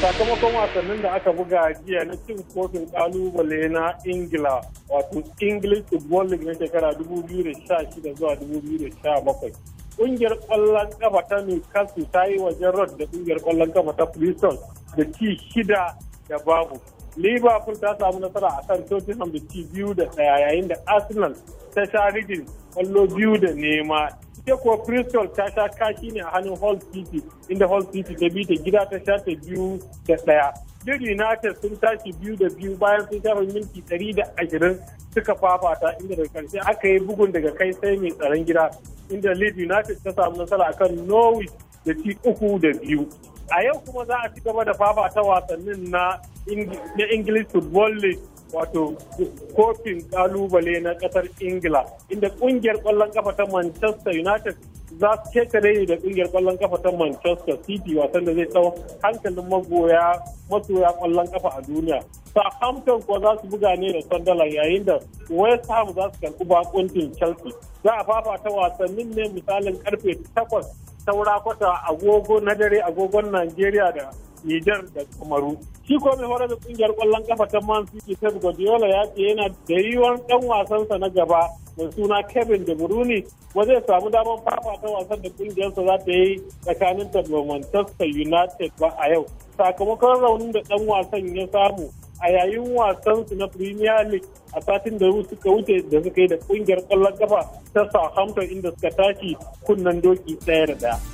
sakamakon wasannin da aka buga jiya na cin kofin kalubale na ingila wato english football league na shekara 2016 zuwa 2017 kungiyar kwallon kafa ta newcastle ta yi wajen rod da kungiyar kwallon kafa ta bristol da ci shida da babu liverpool ta samu nasara a kan tottenham da ci biyu da tsaya yayin da arsenal ta sha rigin kwallo biyu da nema ita kuwa bristol ta sha kashi ne a hannun hall city inda hall city ta bi ta gida ta sha ta biyu da ɗaya duk united sun tashi biyu da biyu bayan sun shafa minti ɗari da ashirin suka fafata inda da karshe aka yi bugun daga kai sai mai tsaron gida inda leeds united ta samu nasara akan norwich da ci uku da biyu a yau kuma za a ci gaba da fafata wasannin na english football league wato kofin kalubale na kasar ingila inda kungiyar kwallon kafa ta manchester united za su ketare da kungiyar kwallon kafa ta manchester city wasan da zai tsawo hankalin magoya masoya kwallon kafa a duniya southampton kuwa za su buga ne da sandala yayin da west ham za su karɓi bakuntin chelsea za a fafata wasannin ne misalin karfe 8 saura kwata agogo na dare agogon nigeria da Nijar da Kamaru. Shi ko mai horar da kungiyar kwallon kafa ta Man City Pep Guardiola ya ce yana da yiwuwar dan wasansa na gaba mai suna Kevin De Bruyne ba zai samu damar fafa ta wasan da kungiyarsa za ta yi tsakanin ta da Manchester United ba a yau. Sakamakon raunin da dan wasan ya samu a yayin wasansu na Premier League a satin da suka wuce da suka yi da kungiyar kwallon kafa ta Southampton inda suka tashi kunnen doki ɗaya da ɗaya.